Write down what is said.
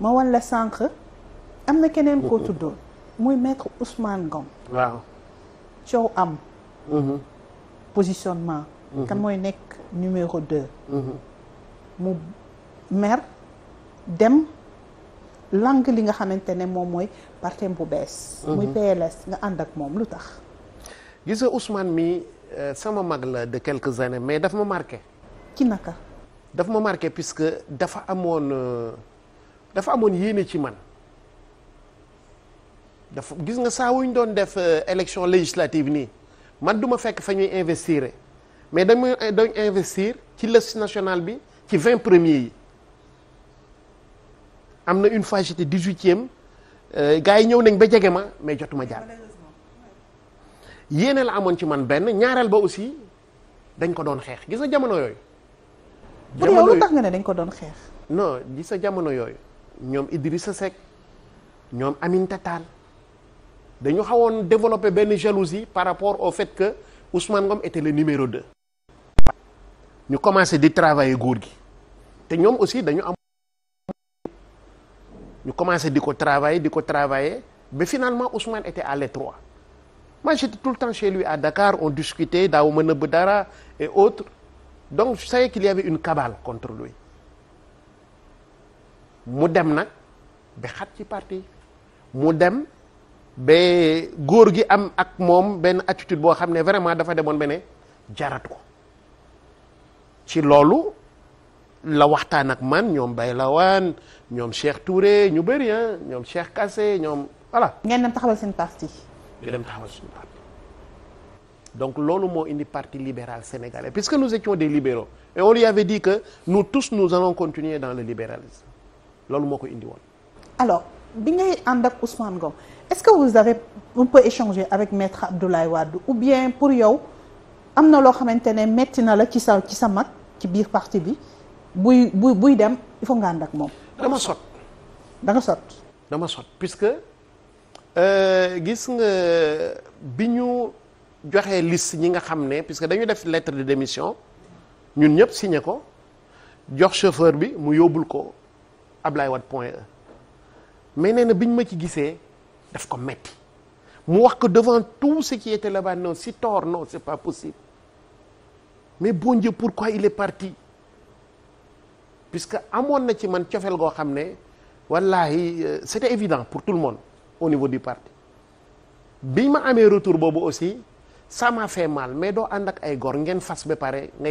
ma wan la sànq am na keneen koo mm-hmm. tuddoon muy maître Ousmane Ngom waaw coow am mm-hmm. positionnement mm-hmm. kan mooy nekk numéro deux mu mer dem langue li nga xamante ne moom mooy partem bu bees muy PLS nga ànd ak moom lu tax gis nga Ousmane mi euh, sama mag la de quelques années mais daf ma marqué ci naka daf ma marqué puisque dafa amoon euh, dafa amoon yéene ci man dafa gis nga saa wuñ doon def euh, élection législative nii man du ma fekk fa ñuy investir mais dañu euh, dañ investir ci liste nationale bi ci vingt premiers yi am na une fois j'étais dix-huitième euh, gars yi ñëw nañ ba jege ma mais jotuma jàll yéene la amoon ci man benn ñaareel ba aussi dañ ko doon xeex gis nga jamono yooyu. jamono yooyu pour lu tax nga ne dañ ko doon xeex. non gis nga jamono yooyu. ñoom Idrissa Seck ñoom Aminata Tall dañu xawoon développer benn jalousie par rapport au fait que Ousmane Ngom était le numéro deux ñu commencé di travailler góor gi te ñoom aussi dañu am ñu commencé di ko travailler di ko travailler mais finalement Ousmane était à l'étroit moi j'étais tout le temps chez lui à Dakar on discutait daaw ma nëbb dara et autres donc je savais qu'il une cabale contre lui mu dem nag ba xat ci parti mu dem ba góor gi am ak moom benn attitude boo xam ne vraiment dafa demoon ba ne jaratu ko ci loolu la waxtaan ak man ñoom Baye Lawane ñoom Cheikh Touré ñu bëri ah, ñoom Cheikh Kassé ñoom voilà. ngeen dem taxawal seen parti. ngeen dem taxawal donc loolu moo indi parti libéral sénégalais puisque nous étions des libéraux et on lui avait dit que nous tous nous allons continuer dans le libéralisme. loolu moo ko indi woon. alors bi ngay ànd ak Ousmane Ngom est-ce que vous avez un peu échangé avec maître Abdoulaye Wade ou bien pour yow am na loo xamante ne metti na la ci sa ci sa mag ci biir parti bi buy buy buy dem il nga ànd ak moom. dama sot da nga sot. dama sot puisque euh, gis nga bi ñu joxee liste ñi nga xam ne puisque dañu def lettre de démission ñun ñëpp signé ko jox chauffeur bi mu yóbbul ko. Ablaye Wade point e. mais nee na bi ma ci gisee daf ko metti mu wax ko devant tout ce qui était là-bas si tort non c'est pas possible mais bon Dieu pourquoi il est parti puisque amoon na ci man cofeel goo xam ne wallahi euh, c'était évident pour tout le monde au niveau du parti bi ma amee retour boobu aussi ça m'a fait mal mais doo ànd ak ay gor ngeen fas ba pare ngay